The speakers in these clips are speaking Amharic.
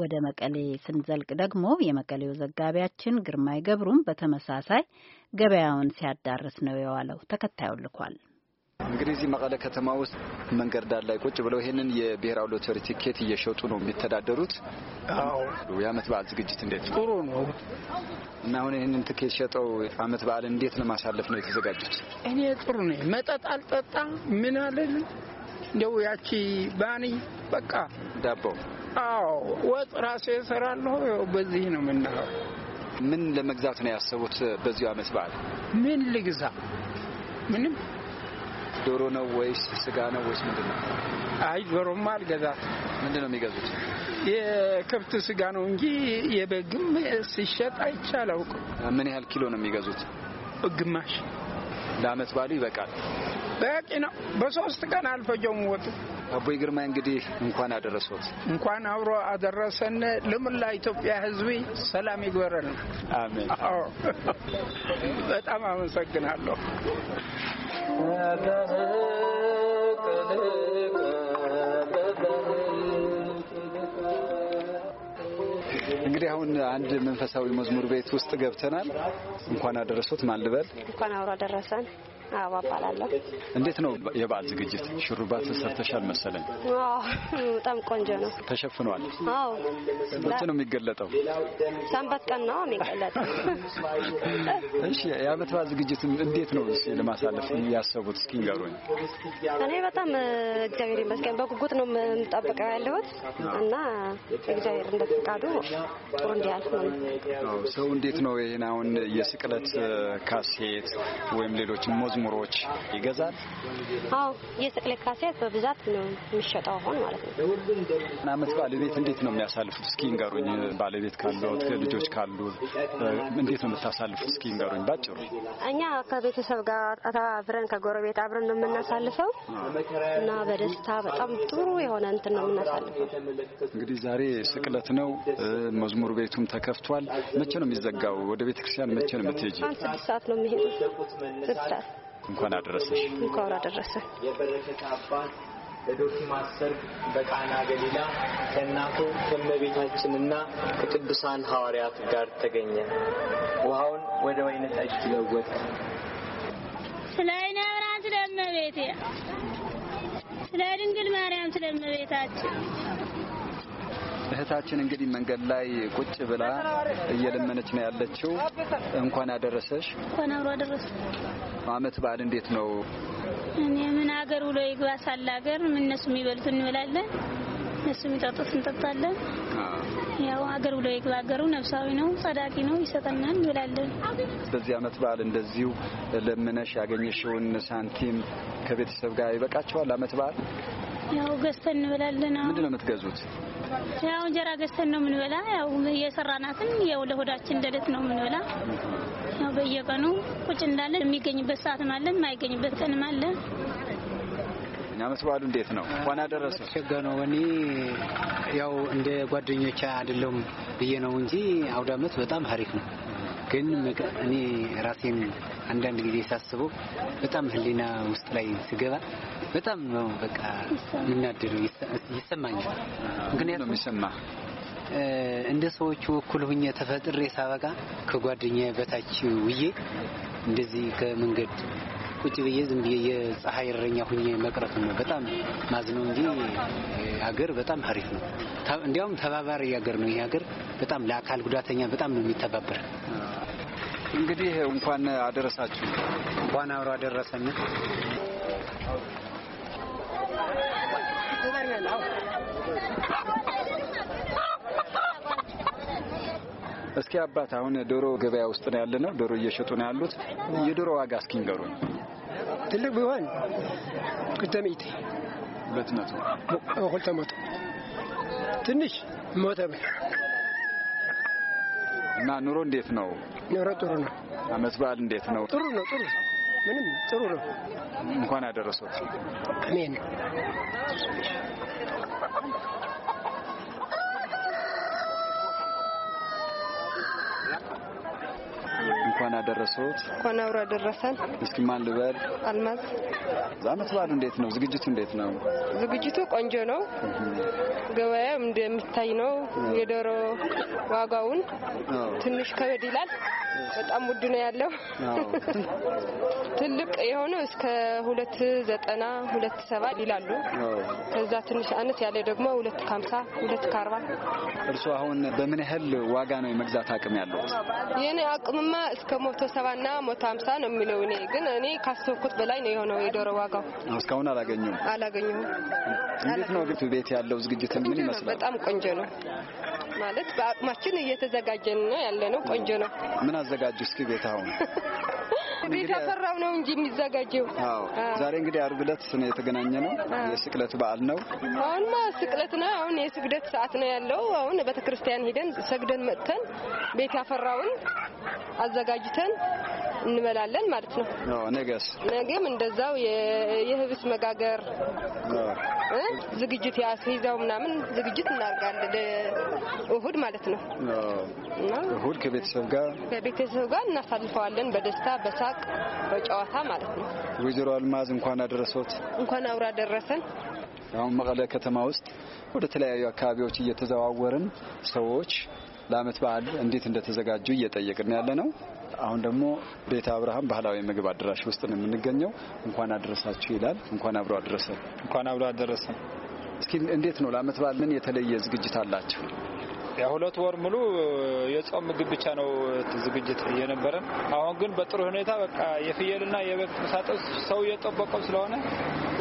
ወደ መቀሌ ስንዘልቅ ደግሞ የመቀሌው ዘጋቢያችን ግርማይ ገብሩም በተመሳሳይ ገበያውን ሲያዳርስ ነው የዋለው። ተከታዩን ልኳል። እንግዲህ እዚህ መቀለ ከተማ ውስጥ መንገድ ዳር ላይ ቁጭ ብለው ይህንን የብሔራዊ ሎተሪ ቲኬት እየሸጡ ነው የሚተዳደሩት። አዎ፣ የአመት በዓል ዝግጅት እንዴት ነው? ጥሩ ነው። እና አሁን ይህንን ትኬት ሸጠው አመት በዓል እንዴት ለማሳለፍ ነው የተዘጋጁት? እኔ ጥሩ ነኝ። መጠጥ አልጠጣ ምን አለን እንደው ያቺ ባኒ በቃ ዳቦ አዎ ወጥ ራሴ እሰራለሁ። በዚህ ነው የምናየው። ምን ለመግዛት ነው ያሰቡት በዚሁ አመት በዓል? ምን ልግዛ? ምንም ዶሮ ነው ወይስ ስጋ ነው ወይስ ምንድን ነው? አይ ዶሮም አልገዛት። ምንድን ነው የሚገዙት? የከብት ስጋ ነው እንጂ የበግም ሲሸጥ አይቻለውቅ። ምን ያህል ኪሎ ነው የሚገዙት? ግማሽ ለአመት በዓሉ ይበቃል። በቂ ነው። በሶስት ቀን አልፈጀውም ወጡ። አቦይ ግርማ እንግዲህ እንኳን አደረሰት እንኳን አብሮ አደረሰን። ለምላ ኢትዮጵያ ሕዝቢ ሰላም ይግበረን። አሜን። በጣም አመሰግናለሁ። እንግዲህ አሁን አንድ መንፈሳዊ መዝሙር ቤት ውስጥ ገብተናል። እንኳን አደረሶት ማልበል እንኳን አብሮ አደረሰን አበባ እባላለሁ። እንዴት ነው የበዓል ዝግጅት? ሹሩባት ተሰርተሻል መሰለኝ። በጣም ቆንጆ ነው። ተሸፍኗል? አዎ። መቼ ነው የሚገለጠው? ሰንበት ቀን ነው የሚገለጠው። እሺ፣ የዓመት በዓል ዝግጅት እንዴት ነው ለማሳለፍ ያሰቡት? እስኪ ንገሩኝ። እኔ በጣም እግዚአብሔር ይመስገን በጉጉት ነው የምጠብቀው ያለሁት እና እግዚአብሔር እንደ ጥሩ እንዲያልፍ ነው። ሰው እንዴት ነው ይህን አሁን የስቅለት ካሴት ወይም ሌሎች ሞዝ መዝሙሮች ይገዛል? አዎ የስቅለት ካሴት በብዛት ነው የሚሸጠው አሁን ማለት ነው። አመት ባለቤት እንዴት ነው የሚያሳልፉት? እስኪ ንገሩኝ። ባለቤት ካሉት ልጆች ካሉ እንዴት ነው የምታሳልፉት? እስኪ ንገሩኝ ባጭሩ። እኛ ከቤተሰብ ጋር አብረን ከጎረቤት አብረን ነው የምናሳልፈው እና በደስታ በጣም ጥሩ የሆነ እንትን ነው የምናሳልፈው። እንግዲህ ዛሬ ስቅለት ነው። መዝሙር ቤቱም ተከፍቷል። መቼ ነው የሚዘጋው? ወደ ቤተክርስቲያን መቼ ነው የምትሄጂ? ስድስት ሰዓት ነው የሚሄዱ። ስድስት ሰዓት እንኳን አደረሰሽ። እንኳን አደረሰ። የበረከት አባት በዶኪማስ ሰርግ በቃና ገሊላ ከእናቱ ከመቤታችንና ከቅዱሳን ሐዋርያት ጋር ተገኘ። ውሃውን ወደ ወይነ ጠጅ ለወጠ። ስለ አይነ ብርሃን ስለ ስለ ድንግል ማርያም ስለመቤታችን እህታችን እንግዲህ መንገድ ላይ ቁጭ ብላ እየለመነች ነው ያለችው። እንኳን አደረሰሽ። እንኳን አብሮ አደረሰ። አመት በዓል እንዴት ነው? እኔ ምን ሀገር ውሎ ይግባ ሳለ ሀገር ምን እነሱ የሚበሉት እንበላለን፣ እነሱ የሚጠጡት እንጠጣለን። ያው ሀገር ውሎ ይግባ ሀገሩ ነፍሳዊ ነው፣ ጸዳቂ ነው፣ ይሰጠናል፣ እንበላለን። በዚህ አመት በዓል እንደዚሁ ለምነሽ ያገኘሽውን ሳንቲም ከቤተሰብ ጋር ይበቃቸዋል። አመት በዓል ያው ገዝተን እንበላለን። ምንድን ነው የምትገዙት? ያው እንጀራ ገዝተን ነው የምንበላ። ያው የሰራናትን ያው ለሆዳችን እንደለት ነው የምንበላ። ያው በየቀኑ ቁጭ እንዳለ የሚገኝበት ሰዓትም አለ፣ የማይገኝበት ቀንም አለ። አመት በዓሉ እንዴት ነው? እንኳን አደረሰ። ቸገ እኔ ያው እንደ ጓደኞቼ አይደለም ብዬ ነው እንጂ አውደ አመት በጣም አሪፍ ነው። ግን እኔ ራሴን አንዳንድ ጊዜ ሳስበው በጣም ህሊና ውስጥ ላይ ስገባ በጣም ነው በቃ የሚናደዱ ይሰማኛል። ምክንያቱም ይሰማ እንደ ሰዎቹ እኩል ሁኜ ተፈጥሬ ሳበቃ ከጓደኛ በታች ውዬ እንደዚህ ከመንገድ ቁጭ ብዬ ዝም ብዬ የፀሐይ እረኛ ሁኜ መቅረት ነው በጣም ማዝነው እንጂ ሀገር በጣም ሀሪፍ ነው። እንዲያውም ተባባሪ ሀገር ነው። ይህ ሀገር በጣም ለአካል ጉዳተኛ በጣም ነው የሚተባበር። እንግዲህ እንኳን አደረሳችሁ፣ እንኳን አብሮ አደረሰን። እስኪ አባት አሁን ዶሮ ገበያ ውስጥ ነው ያለ ነው። ዶሮ እየሸጡ ነው ያሉት። የዶሮ ዋጋ እስኪ ንገሩኝ። ትልቅ ቢሆን ቅደሚት ሁለት መቶ ሁለት መቶ ትንሽ ሞተ ብር እና ኑሮ እንዴት ነው? ኑሮ ጥሩ ነው። አመት በዓል እንዴት ነው? ጥሩ ነው። ጥሩ ምንም ጥሩ ነው። እንኳን ያደረሰት። አሜን። እንኳን አደረሰዎት። እንኳን አብሮ አደረሰን። እስኪ ማን ልበል? አልማዝ። አመት በዓሉ እንዴት ነው? ዝግጅቱ እንዴት ነው? ዝግጅቱ ቆንጆ ነው። ገበያው እንደሚታይ ነው። የዶሮ ዋጋውን ትንሽ ከበድ ይላል። በጣም ውድ ነው ያለው። ትልቅ የሆነ እስከ ሁለት ዘጠና ሁለት ሰባ ይላሉ። ከዛ ትንሽ አነስ ያለ ደግሞ ሁለት ከሀምሳ ሁለት ከአርባ። እርሱ አሁን በምን ያህል ዋጋ ነው የመግዛት አቅም ያለው? የኔ አቅምማ እስከ መቶ ሰባና መቶ ሀምሳ ነው የሚለው። እኔ ግን እኔ ካሰብኩት በላይ ነው የሆነው የዶሮ ዋጋው። እስካሁን አላገኘሁም አላገኘሁም። እንዴት ነው ቤት ያለው ዝግጅት ምን ይመስላል? በጣም ቆንጆ ነው። ማለት በአቅማችን እየተዘጋጀን ነው ያለ ነው። ቆንጆ ነው። ምን አዘጋጁ እስኪ ቤት አሁን ቤት ያፈራው ነው እንጂ የሚዘጋጀው። አዎ ዛሬ እንግዲህ አርብ ዕለት ነው የተገናኘ ነው። የስቅለት በዓል ነው። አሁንማ ስቅለት ነው። አሁን የስግደት ሰዓት ነው ያለው። አሁን ቤተክርስቲያን ሄደን ሰግደን መጥተን ቤት ያፈራውን አዘጋጅተን እንበላለን ማለት ነው። ነገስ ነገም እንደዛው የህብስ መጋገር ዝግጅት ያስይዘው ምናምን ዝግጅት እናደርጋለን። እሁድ ማለት ነው። እሁድ ከቤተሰብ ጋር ከቤተሰብ ጋር እናሳልፈዋለን በደስታ በሳቅ በጨዋታ ማለት ነው። ወይዘሮ አልማዝ እንኳን አደረሰዎት። እንኳን አውራ ደረሰን። አሁን መቀለ ከተማ ውስጥ ወደ ተለያዩ አካባቢዎች እየተዘዋወርን ሰዎች ለአመት በዓል እንዴት እንደተዘጋጁ እየጠየቅን ያለ ነው። አሁን ደግሞ ቤተ አብርሃም ባህላዊ ምግብ አዳራሽ ውስጥ ነው የምንገኘው። እንኳን አደረሳችሁ ይላል። እንኳን አብሮ አደረሰ። እንኳን አብሮ አደረሰ። እስኪ እንዴት ነው ለአመት በዓል ምን የተለየ ዝግጅት አላችሁ? የሁለት ወር ሙሉ የጾም ምግብ ብቻ ነው ዝግጅት የነበረን። አሁን ግን በጥሩ ሁኔታ በቃ የፍየልና የበግ መሳጠስ ሰው የጠበቀው ስለሆነ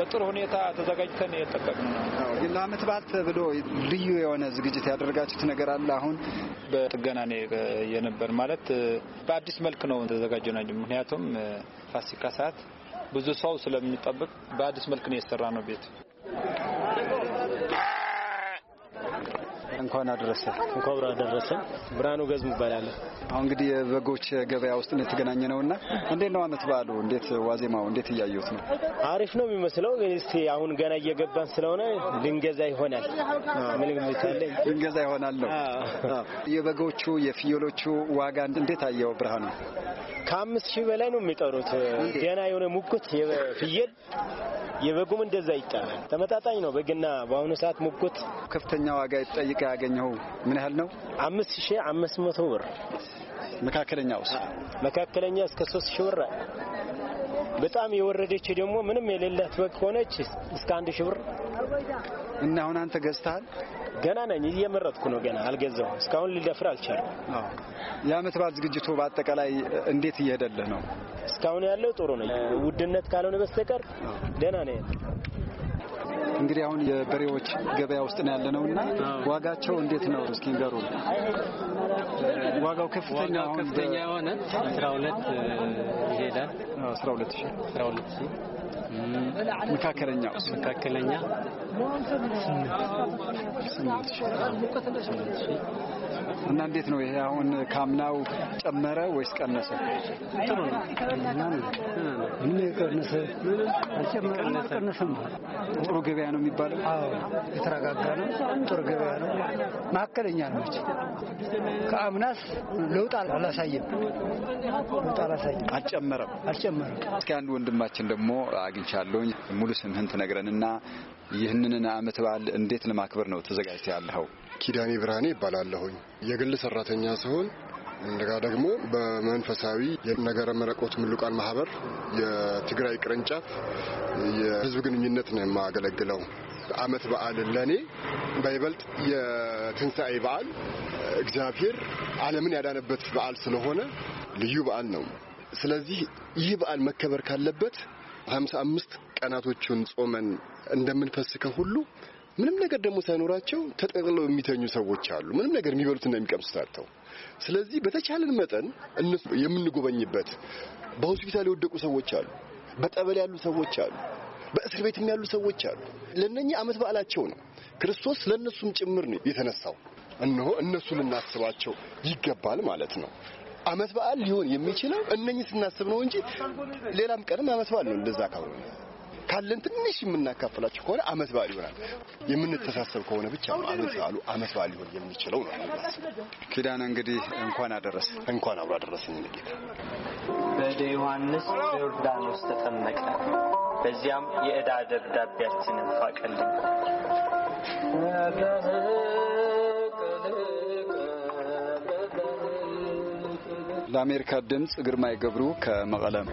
በጥሩ ሁኔታ ተዘጋጅተን የጠበቅን ነው። ለአመት በዓል ብሎ ልዩ የሆነ ዝግጅት ያደረጋችሁት ነገር አለ? አሁን በጥገና የነበር ማለት በአዲስ መልክ ነው ተዘጋጀ ነው። ምክንያቱም ፋሲካ ሰዓት ብዙ ሰው ስለሚጠብቅ በአዲስ መልክ ነው የሰራ ነው ቤት እንኳን አደረሰ። እንኳን አደረሰ። ብርሃኑ ገዝ ምባላለ። አሁን እንግዲህ የበጎች ገበያ ውስጥ ነው የተገናኘ ነው እና እንዴት ነው አመት በዓሉ? እንዴት ዋዜማው እንዴት እያየሁት ነው? አሪፍ ነው የሚመስለው። ግን እስቲ አሁን ገና እየገባን ስለሆነ ልንገዛ ይሆናል ምን ልንገዛ ይሆናል ነው። የበጎቹ የፍየሎቹ ዋጋ እንዴት አየው ብርሃኑ? ከአምስት ሺህ በላይ ነው የሚጠሩት። ገና የሆነ ሙኩት ፍየል የበጉም እንደዛ ይጠራል። ተመጣጣኝ ነው በግና በአሁኑ ሰዓት ሙኩት ከፍተኛ ዋጋ ይጠይቃል። ያገኘው ምን ያህል ነው? አምስት ሺ አምስት መቶ ብር መካከለኛ ውስጥ መካከለኛ እስከ ሶስት ሺ ብር በጣም የወረደች ደግሞ ምንም የሌላት በግ ከሆነች እስከ አንድ ሺ ብር እና አሁን አንተ ገዝተሃል? ገና ነኝ እየመረጥኩ ነው። ገና አልገዛሁም። እስካሁን ልደፍር አልቻልኩም። የአመት በዓል ዝግጅቱ በአጠቃላይ እንዴት እየሄደልህ ነው? እስካሁን ያለው ጥሩ ነው። ውድነት ካልሆነ በስተቀር ደህና ነው። እንግዲህ አሁን የበሬዎች ገበያ ውስጥ ነው ነው እና ዋጋቸው እንዴት ነው? እስኪ ንገሩ። ዋጋው ከፍተኛ ከፍተኛ የሆነ አስራ ሁለት ይሄዳል። አስራ ሁለት አስራ ሁለት መካከለኛው መካከለኛ እና እንዴት ነው ይሄ አሁን ካምናው ጨመረ ወይስ ቀነሰ? ምን ቀነሰ? ጥሩ ገበያ ነው የሚባለው። አዎ የተረጋጋ ነው። ጥሩ ገበያ ነው። መካከለኛ ነው። ከአምናስ ለውጥ አላሳየም። ለውጥ አላሳየም። አልጨመረም። አልጨመረም። እስኪ አንድ ወንድማችን ደግሞ አግ አግኝቻለሁኝ። ሙሉ ስምህን ትነግረንና ይህንን አመት በዓል እንዴት ለማክበር ነው ተዘጋጅተ ያለኸው? ኪዳኔ ብርሃኔ ይባላለሁኝ። የግል ሰራተኛ ሲሆን እንደጋ ደግሞ በመንፈሳዊ የነገረ መለኮት ምሉቃን ማህበር የትግራይ ቅርንጫፍ የህዝብ ግንኙነት ነው የማገለግለው። አመት በዓል ለእኔ በይበልጥ የትንሣኤ በዓል እግዚአብሔር ዓለምን ያዳነበት በዓል ስለሆነ ልዩ በዓል ነው። ስለዚህ ይህ በዓል መከበር ካለበት ሀምሳ አምስት ቀናቶችን ጾመን እንደምንፈስከው ሁሉ ምንም ነገር ደግሞ ሳይኖራቸው ተጠቅለው የሚተኙ ሰዎች አሉ። ምንም ነገር የሚበሉትና የሚቀምሱት አጥተው። ስለዚህ በተቻለን መጠን እነሱ የምንጎበኝበት በሆስፒታል የወደቁ ሰዎች አሉ፣ በጠበል ያሉ ሰዎች አሉ፣ በእስር ቤትም ያሉ ሰዎች አሉ። ለእነኚህ ዓመት በዓላቸው ነው። ክርስቶስ ለእነሱም ጭምር ነው የተነሳው። እነሆ እነሱ ልናስባቸው ይገባል ማለት ነው። አመት በዓል ሊሆን የሚችለው እነኚህ ስናስብ ነው እንጂ ሌላም ቀንም አመት በዓል ነው። እንደዛ ካልሆነ ካለን ትንሽ የምናካፍላችሁ ከሆነ አመት በዓል ይሆናል። የምንተሳሰብ ከሆነ ብቻ ነው አመት በዓሉ አመት በዓል ሊሆን የሚችለው ነው። ኪዳነ እንግዲህ እንኳን አደረሰ እንኳን አብሮ አደረሰን። እንግዲህ በደ ዮሐንስ ዮርዳኖስ ተጠመቀ፣ በዚያም የእዳ ደብዳቤያችንን ፋቀልን ለአሜሪካ ድምፅ ግርማይ ገብሩ ከመቀለም